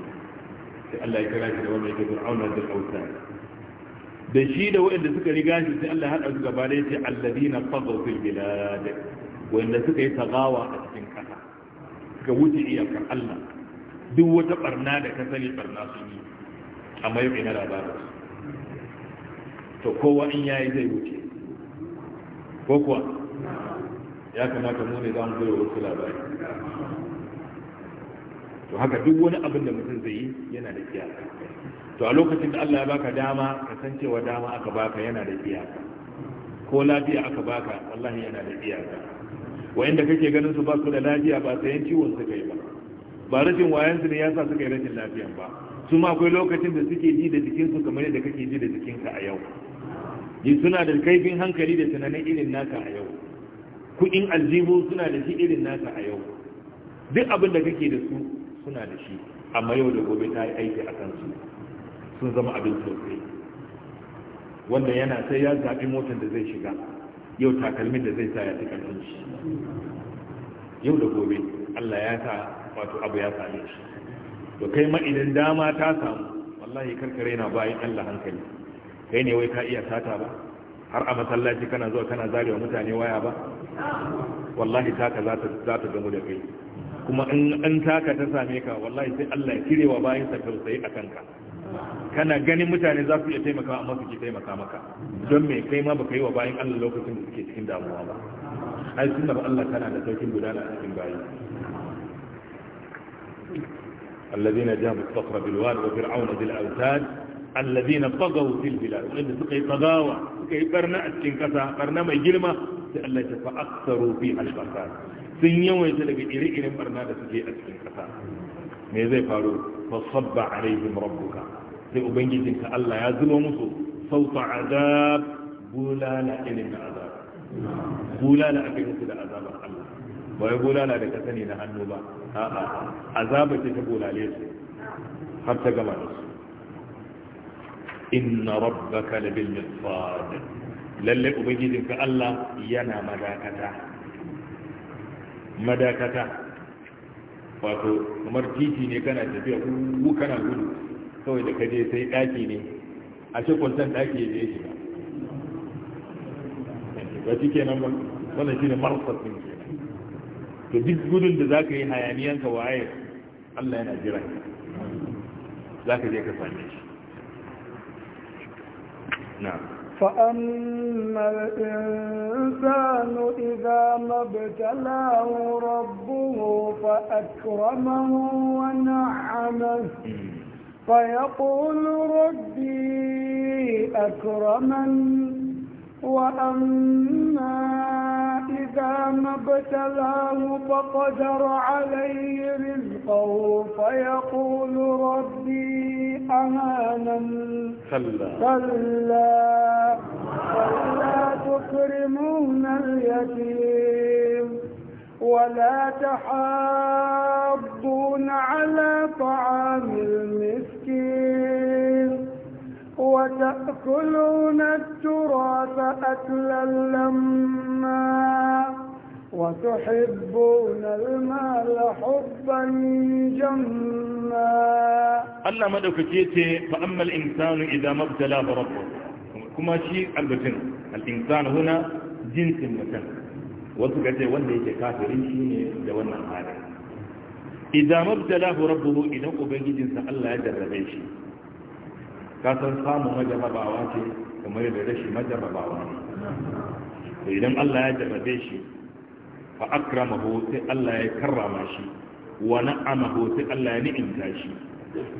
sai allah ya kira shi da wanda yake ke fir'auna da ɗautar da shi da waɗanda suka riga shi sai Allah ya haɗa su gaba da yace alladina fadhu fil bilad waɗanda suka yi tagawa a cikin ƙasa suka wuce iyakar Allah duk wata barna da ka sani barna sun yi amma yau ina labarin to kowa in yayi zai wuce ko kuwa ya kamata mu ne za mu zo wasu labari to haka duk wani abin da mutum zai yi yana da iyaka to a lokacin da Allah ya baka dama ka san cewa dama aka baka yana da iyaka ko lafiya aka baka wallahi yana da iyaka wayanda kake ganin su ba su da lafiya ba sayan ciwon su yi ba ba rashin wayansu ne ya sa suka yi rashin lafiya ba su ma akwai lokacin da suke ji da jikinsu kamar yadda kake ji da jikinka a yau ji suna da kaifin hankali da tunanin irin naka a yau kudin aljihu suna da shi irin naka a yau duk abin da kake da su suna da shi amma yau da gobe ta yi aiki a kansu sun zama abin sosai wanda yana sai ya zaɓi motar da zai shiga yau takalmin da zai sa ya fi ƙarfin shi yau da gobe allah ya sa wato abu ya same shi to kai ma idan dama ta samu wallahi karkare na bayan allah hankali kai ne wai ka iya sata ba har a masallaci kana zuwa kana zarewa mutane waya ba wallahi taka za ta gamu da kai kuma in an taka ta same ka wallahi sai allah ya kirewa bayan sa tausayi a kanka kana ganin mutane za su iya taimaka amma su ke taimaka maka don me kai ma baka yi wa bayan Allah lokacin da suke cikin damuwa ba ai sunnar Allah tana da saukin gudana a cikin bayi الذين جابوا الصخر بالواد وفرعون ذي الاوتاد الذين طغوا في البلاد وإن سكي طغاوة سكي برنا أتكين كسا برنا ما يجلما سألا فأكثروا فيها الفساد سن يوم يتلقى إلي إلي برنا سكي أتكين كسا ماذا يفعلوا فصب عليهم ربك sai ubangijinka Allah ya zuba musu sauta azab bulala irin na azab bulala aka musu da azabar Allah ba ya bulala da kasa ne na hannu ba a'a azaba ce ta bulale su har ta gama da su inna rabbaka labil mirsad lalle ubangijinka Allah yana madakata madakata wato kamar titi ne kana tafiya ku kana gudu kawai da kaje sai daki ne a ce kwanton daki ne je ba ba shi kenan ba wannan shine ne din ke to duk gudun da zaka yi hayaniyan ka waye Allah yana jira za ka je ka same shi na'am فأما الإنسان إذا ما ابتلاه ربه فأكرمه ونعمه فيقول ربي أكرمن وأما إذا ما ابتلاه فقدر عليه رزقه فيقول ربي أهانا كلا كلا فلا تكرمون اليتيم ولا تحاضون على طعام المسكين وتأكلون التراث أكلا لما وتحبون المال حبا جما الله ما دوكتيتي فأما الإنسان إذا ما ابتلاه ربه كما شيء البتن الإنسان هنا جنس المتن wasu kace wanda yake kafirin shi ne da wannan halin idza mabtalahu rabbuhu idan ubangijinsa Allah ya jarrabe shi ka san samu majarrabawa ce kamar da rashi majarrabawa ne idan Allah ya jarrabe shi fa akramahu sai Allah ya karrama shi wa na'amahu sai Allah ya ni'imta shi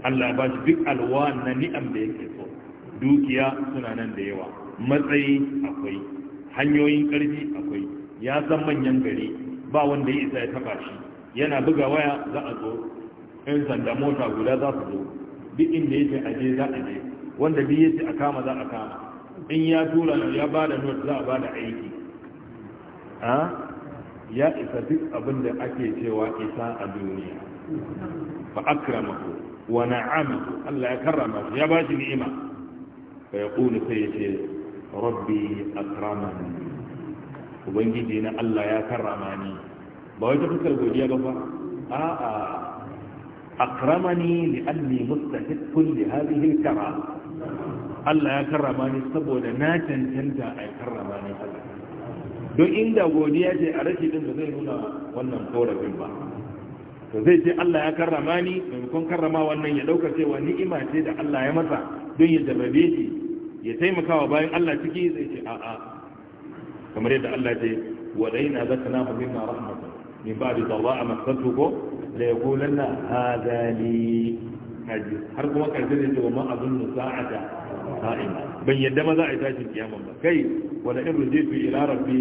Allah ya ba shi duk alwan na ni'am da yake so dukiya suna nan da yawa matsayi akwai hanyoyin ƙarfi akwai ya san manyan gari ba wanda ya isa ya taba shi yana buga waya za a zo In sanda mota guda za su zo duk inda yake aje za a je wanda bi yace a kama za a kama in ya tura ya bada da note za a ba da aiki a ya isa duk abin da ake cewa isa a duniya fa akramahu wa na'ama Allah ya karrama shi ya ba shi ni'ima fa yaqulu sai rabbi akramani ubangiji na Allah ya karrama ni ba wai ta fuskar godiya ba fa a'a akramani li anni mustahiqqun li hadhihi al-karama Allah ya karrama ni saboda na cancanta a karrama ni don inda godiya ce a rashi din ba zai nuna wannan korafin ba to zai ce Allah ya karrama ni maimakon karrama wannan ya dauka cewa ni'ima ce da Allah ya masa don ya jarrabe shi ya taimaka wa bayan Allah ciki zai ce a'a kamar yadda Allah ce wa daina zakana minna rahmatan min ba'di dharra'a masatu ko la yaqulanna hadha li haji har kuma karshe ne to ma azun sa'ata qa'ima ban yadda ma za a tashi kiyama ba kai wa la irjitu ila rabbi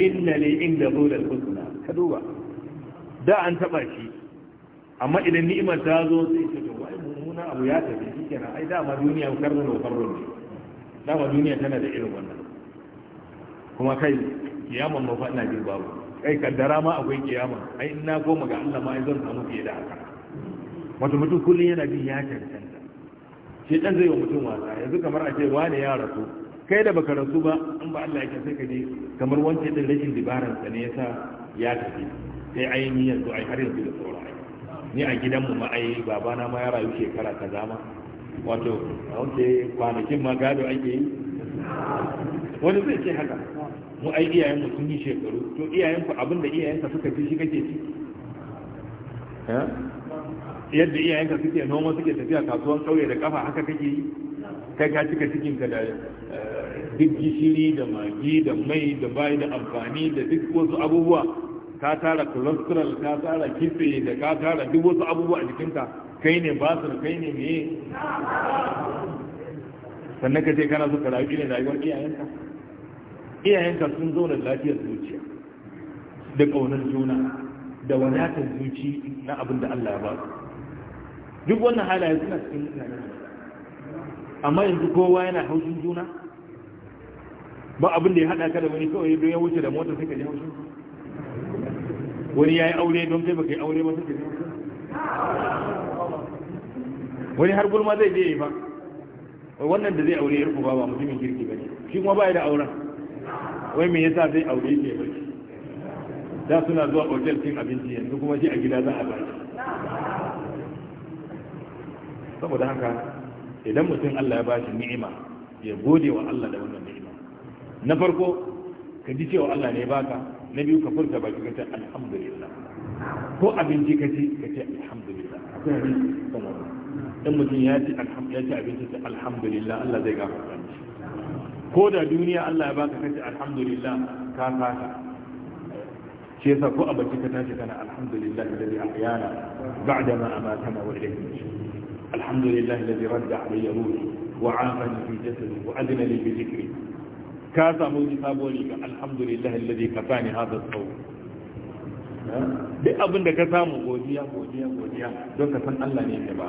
inna li inda dhul al-husna ka duba da an taba shi amma idan ni'imar ta zo sai ce to wai mummuna abu ya tafi shikenan ai dama duniya karnu ne karnu ne dama duniya tana da irin wannan kuma kai kiyaman ma fa ina jin babu kai kaddara ma akwai kiyama ai in na goma ga Allah ma ai zan samu fiye da haka wato mutum kullum yana bin ya cancanta shi dan zai wa mutum wasa yanzu kamar a ce wani ya rasu kai da baka rasu ba in ba Allah yake sai ka je kamar wancan din rashin dibaran sa ne yasa ya tafi sai ai ni yanzu ai har yanzu da saurayi ni a gidanmu ma ai babana ma ya rayu shekara ta zama wato a wanke kwanakin ma gado ake yi wani zai ce haka mu ai iyayen mu sun yi shekaru to iyayen ku abin da iyayen ka suka fi shi kake ci eh? yadda iyayen ka suke noma suke tafiya kasuwan kauye da kafa haka kake yi kai ka cika cikin ka da eh, duk gishiri da magi da mai da bayi da amfani da duk wasu abubuwa ka tara cholesterol ka tara kitse da ka tara duk wasu abubuwa a jikinka kai ne basir kai ne meye sannan ka ce kana so ka rayu ne rayuwar iyayenka iyayenka sun zauna lafiyar zuciya da ƙaunar juna da wadatar zuci na abin da Allah ya ba su duk wannan halaye suna cikin tunanin amma yanzu kowa yana haushin juna ba abin da ya haɗa ka da wani kawai don ya wuce da motar suka ji haushin wani ya yi aure don kai baka yi aure ba suka ji wani har gulma zai je ya yi ba wannan da zai aure ya rufu ba ba mutumin kirki ba ne shi kuma ba ya da auren wai me yasa zai aure ke ba da suna zuwa otel cin abinci yanzu kuma shi a gida za a ba saboda haka idan mutum Allah ya ba shi ni'ima ya gode wa Allah da wannan ni'ima na farko ka ji cewa Allah ne baka na biyu ka furta baki ka ce alhamdulillah ko abinci ka ci ka ce alhamdulillah akwai hadisi sallallahu in mutum ya ci abinci ta alhamdulillah Allah zai gafarta mishi ko da duniya Allah ya baka kace alhamdulillah ka kasa shi yasa ko a baki ka tashi kana alhamdulillah alladhi ahyana ba'da ma amatana wa ilayhi alhamdulillah alladhi radda alayya ruhi wa afani fi jasadi wa adna li bi dhikri ka samu sabuwar riga alhamdulillah alladhi kafani hadha as-sawm duk abin da ka samu godiya godiya godiya don ka san Allah ne ya ba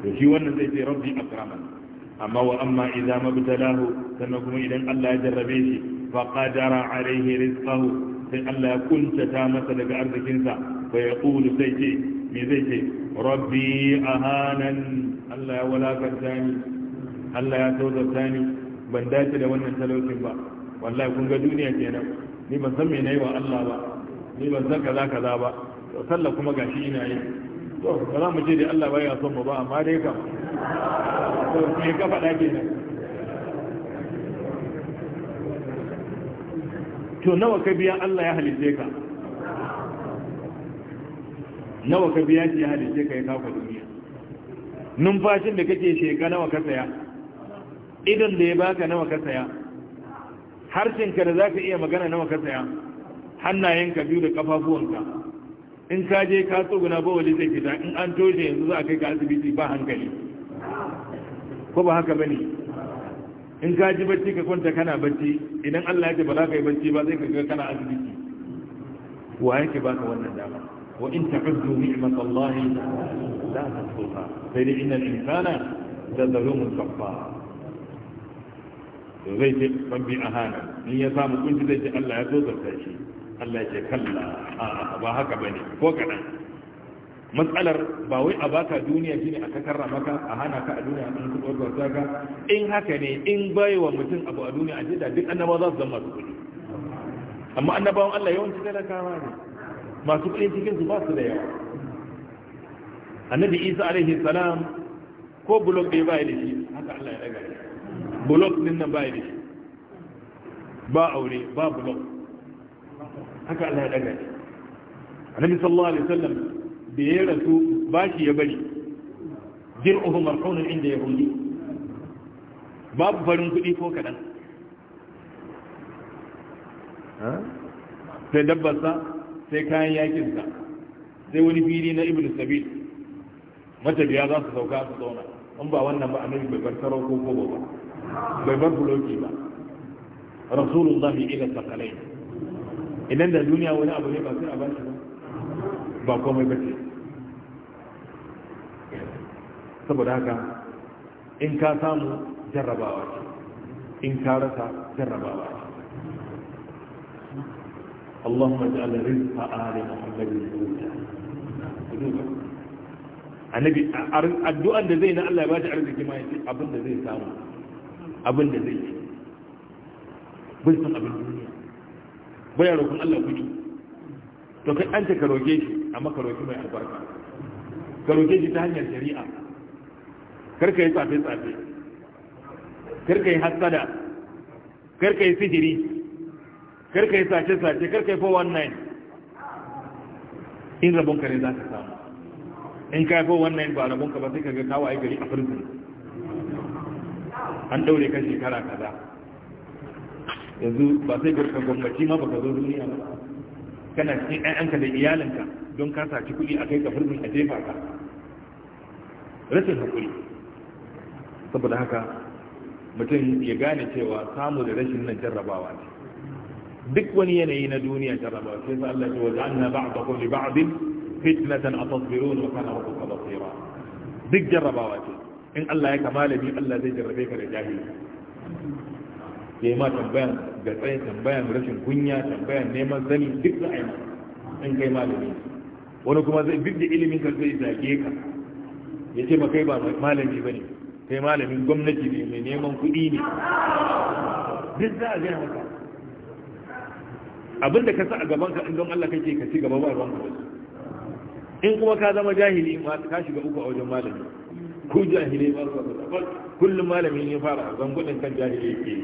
to shi wannan zai ce rabbi akraman amma wa amma idza mabtalahu sannan kuma idan Allah ya jarrabe shi fa qadara alaihi rizqahu sai Allah ya kuntata masa daga arzikinsa fa yaqulu sai ce me zai ce rabbi ahanan Allah ya walakanta ni Allah ya tozarta ni ban dace da wannan talaucin ba wallahi kun ga duniya kenan ni ban san me nayi wa Allah ba ni ban san kaza kaza ba sallah kuma gashi ina yi to ba za mu je da Allah ba ya son mu ba amma dai kam me ka kenan to nawa ka biya Allah ya halice ka nawa ka biya shi ya halice ka ya kafa duniya numfashin da kake sheka nawa ka saya idan da ya baka nawa ka saya harshen ka da zaka iya magana nawa ka saya hannayenka biyu da kafafuwanka in ka je ka tsoguna ba wali zai fita in an toshe yanzu za a kai ka asibiti ba hankali ko ba haka bane in ka ji bacci ka kwanta kana bacci idan Allah ya ce ba za ka yi bacci ba sai ka ga kana asibiti wa yake ka wannan dama wa in ta'uddu ni'matallahi la tuhsuha sai dai innal insana da zalumun kaffara to zai ce ban bi ahana in ya samu kunci zai ce Allah ya zo zarta shi Allah ya ce kalla a ba haka bane ko kadan matsalar ba wai a baka duniya shine a takarra maka a hana ka a duniya in kuɗi wata ka in haka ne in bai wa mutum abu a duniya a jida duk annabawa za su zama su kuɗi amma annabawan Allah yawanci talakawa ne masu kuɗi cikin su ba su da yawa annabi Isa alaihi salam ko bulok bai bai da shi haka Allah ya daga shi bulok din nan bai da shi ba aure ba bulok haka Allah ya daga shi annabi sallallahu alaihi wasallam da ya rasu bashi ya bari jin umar marhunan inda ya hundi babu farin kuɗi ko kaɗan sai dabbarsa sai kayan yakinsa sai wani fili na ibn sabil matabiya za su sauka su zauna in ba wannan ba annabi bai bar sarau ko kobo ba bai bar buloki ba rasulun za rasulullahi ila sakalai idan da duniya wani abu ne ba sai a bashi ba ba komai ba ce saboda haka in ka samu jarrabawa ce in ka rasa jarrabawa ce اللهم اجعل رزق آل محمد سودا annabi addu'an da zai na Allah ba shi arziki ma yace abin da zai samu abin da zai ci bai san abin duniya bai ya roƙon Allah kuɗi to kai an ce ka roƙe shi amma ka roƙi mai albarka ka roƙe shi ta hanyar shari'a karka yi tsafe-tsafe karka yi hassada karka yi sihiri karka yi sace-sace karka yi 419 in rabonka ne za ka samu in ka yi 419 ba rabonka ba sai ka ga kawo gari a firzin an daure kan shekara kaza yanzu ba sai ga gwamnati ma ba ka zo duniya ba kana cikin ɗan'anka da iyalinka don ka saci kuɗi a kai ka firzin a jefa ka rashin haƙuri saboda haka mutum ya gane cewa samu da rashin nan jarrabawa ne duk wani yanayi na duniya jarrabawa sai sa Allah ya ce wa anna ba'dakum li ba'd fitnatan atasbirun wa kana rabbuka basira duk jarrabawa ce in Allah ya kamala bi Allah zai jarrabe ka da jahili ya ma tambayan ga tsaye tambayan rashin kunya tambayan neman sani duk za a yi in kai malami wani kuma zai duk da ilimin ka zai zage ka ya ce ba kai ba malami ba ne kai malamin gwamnati ne mai neman kuɗi ne duk za a gaya maka abin da ka sa a gaban ka in don Allah kake ka ci gaba ba ruwan ka in kuma ka zama jahili ma ka shiga uku a wajen malami ku jahili ba su da kullum malami ne fara a zangudin kan jahili ke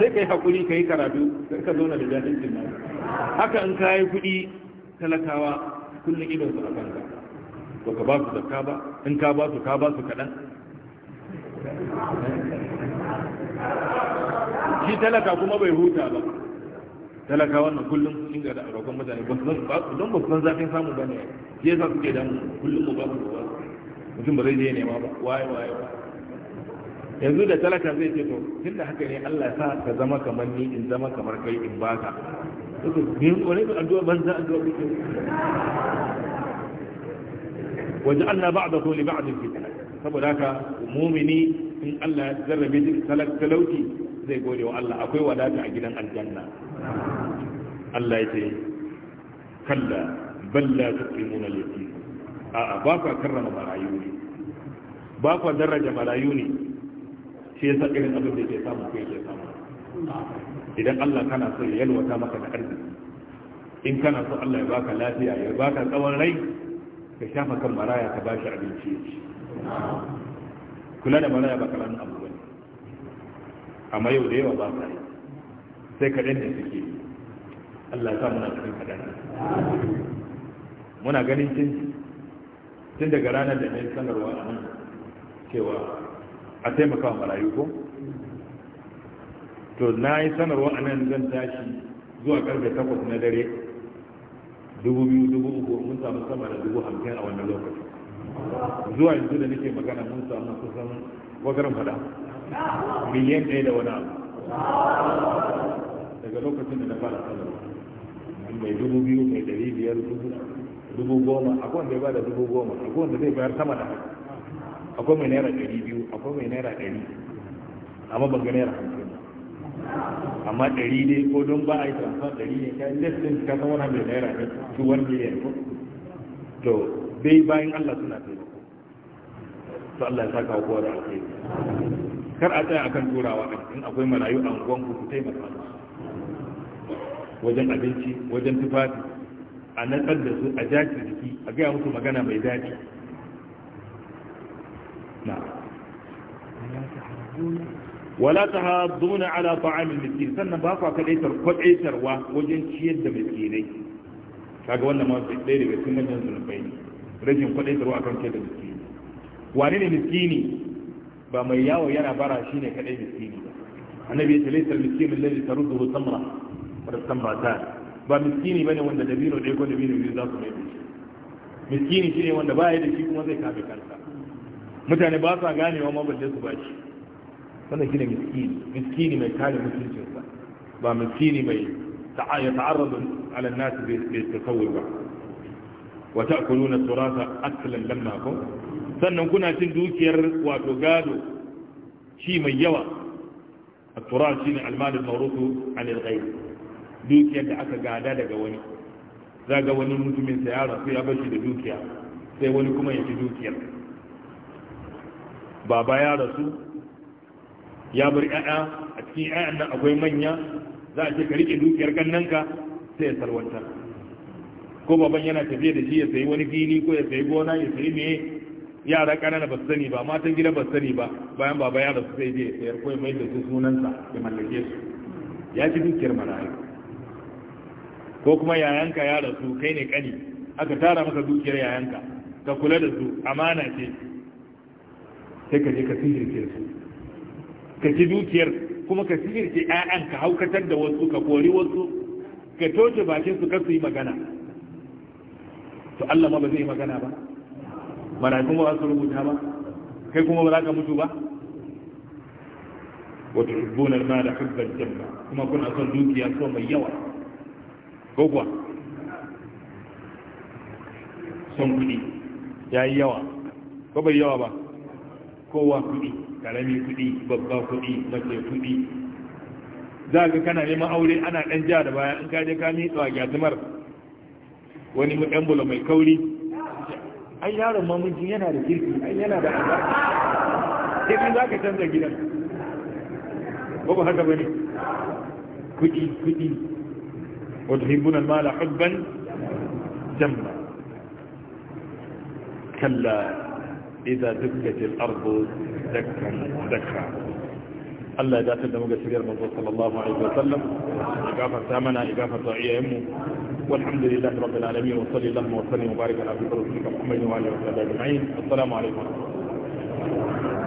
sai kai hakuri kai karatu sai ka zauna da jahilcin nan haka in ka yi kuɗi talakawa kullum idon su a kanka ba ka ba su zakka ba in ka ba su ka ba su kaɗan shi talaka kuma bai huta ba talaka wannan kullum sun ga da roƙon mutane don ba su san zafin samu ba ne shi yasa suke da kullum mu ba su ba mutum ba zai je nema ba waye waye ba yanzu da talaka zai ce to tun da haka ne Allah sa ka zama kamar ni in zama kamar kai in ba ka to me wani addu'a banza addu'a waje Allah ba'da ko li ba'd fitan saboda haka mumini in Allah ya zarrabe shi talauci zai gode wa Allah akwai wadata a gidan aljanna Allah ya ce kalla balla tuqimuna lati a a ba ku karrama marayu ne ba ku daraja marayu ne shi yasa irin abin da yake samu ko yake samu idan Allah kana so ya yalwata maka da arziki in kana so Allah ya baka lafiya ya baka tsawon rai ka shafa kan maraya ka bashi abinci ya ci kula da ya ba karamin abu bane amma yau da yawa ba sa yi sai kaɗan da suke Allah ya sa muna cikin kadan muna ganin cin tun daga ranar da na yi sanarwa a nan cewa a taimaka wa marayu ko to na yi sanarwa a nan zan tashi zuwa karfe takwas na dare dubu biyu dubu uku mun samu sama da dubu hamsin a wannan lokacin zuwa yanzu da nake magana mun samu kusan wagaran fada miliyan ɗaya da wani abu daga lokacin da na fara sanarwa mai dubu biyu mai ɗari biyar dubu dubu goma akwai wanda ya bada dubu goma akwai wanda zai bayar sama da haka akwai mai naira ɗari biyu akwai mai naira ɗari amma ban ga naira hamsin amma ɗari dai ko don ba a yi transfer ɗari ne kai listin ka san wani mai naira ne to wani miliyan ko to dai bayan Allah suna taimako to Allah ya saka kowa da alkhairi kar a tsaya akan turawa in akwai marayu a unguwan ku ku taimaka wajen abinci wajen tufafi a natsar da su a jaki jiki a gaya musu magana mai daɗi na wala ta hadduna ala ta'amin miskin sannan ba ku kadaitar kwadaitarwa wajen ciyar da miskinai kaga wannan ma sai ɗaya daga cikin manyan zunubai ne rashin kwadaitarwa akan ce da miskini Wani ne miskini ba mai yawo yana bara shi ne kadai miskini ba annabi ya ce laisar miskinin lalli ta rudu samra da samrata ba miskini ne wanda dabino ɗaya ko dabino biyu za su mai shi miskini shi ne wanda ba ya da shi kuma zai kame kansa mutane ba sa gane wa mabalde su bashi wannan ne miskini miskini mai kare mutuncinsa ba miskini mai ta'ayyata arabin ala bai tasawwur ba wa ta'kuluna turasa aklan lamma ko sannan kuna cin dukiyar wato gado shi mai yawa at-turas shine al-mal 'an dukiyar da aka gada daga wani zaga wani mutumin sa ya rasu ya bashi da dukiya sai wani kuma ya ci dukiyar baba ya rasu ya bar 'ya'ya a cikin 'ya'yan nan akwai manya za a ce ka rike dukiyar gannanka sai ya salwantar ko baban yana tafiya da shi ya sayi wani fili ko ya sayi gona ya sayi me yara ƙanana ba su sani ba matan gida ba su sani ba bayan baba ya rasu sai je sayar ko ya mai da su sunansa ya mallake su ya ci dukiyar marayu ko kuma yayanka ya rasu kai ne kani aka tara maka dukiyar yayanka ka kula da su amana ce sai ka je ka sihirce su ka ci dukiyar kuma ka sihirce ƴaƴan ka haukatar da wasu ka kori wasu ka toce bakin su kar su yi magana to Allah ma ba zai magana ba kuma ba su rubuta ba kai kuma ba za ka mutu ba wa tuhibbuna al-mala hubban jamma kuma kuna son dukiya so mai yawa ko kuwa son kuɗi ya yi yawa ko bai yawa ba kowa kuɗi karami kuɗi babba kuɗi mace kuɗi za ka kana neman aure ana ɗan ja da baya in ka je ka mitsa a gyatumar wani mu'ambula mai kauri ai yaron mamujin yana da kirki ai yana da albarka sai kan za ka canza gidan ko ba haka ba ne kudi kuɗi wata hibbunan mala hubban jamma kalla إذا دكت الأرض دكا دكا الله يدافع دمك سجر من صلى الله عليه وسلم إقافة ثامنة إقافة ضعية يمه والحمد لله رب العالمين وصلي اللهم وسلم وبارك على عبدك محمد وعلى اله وصحبه اجمعين السلام عليكم ورحمه الله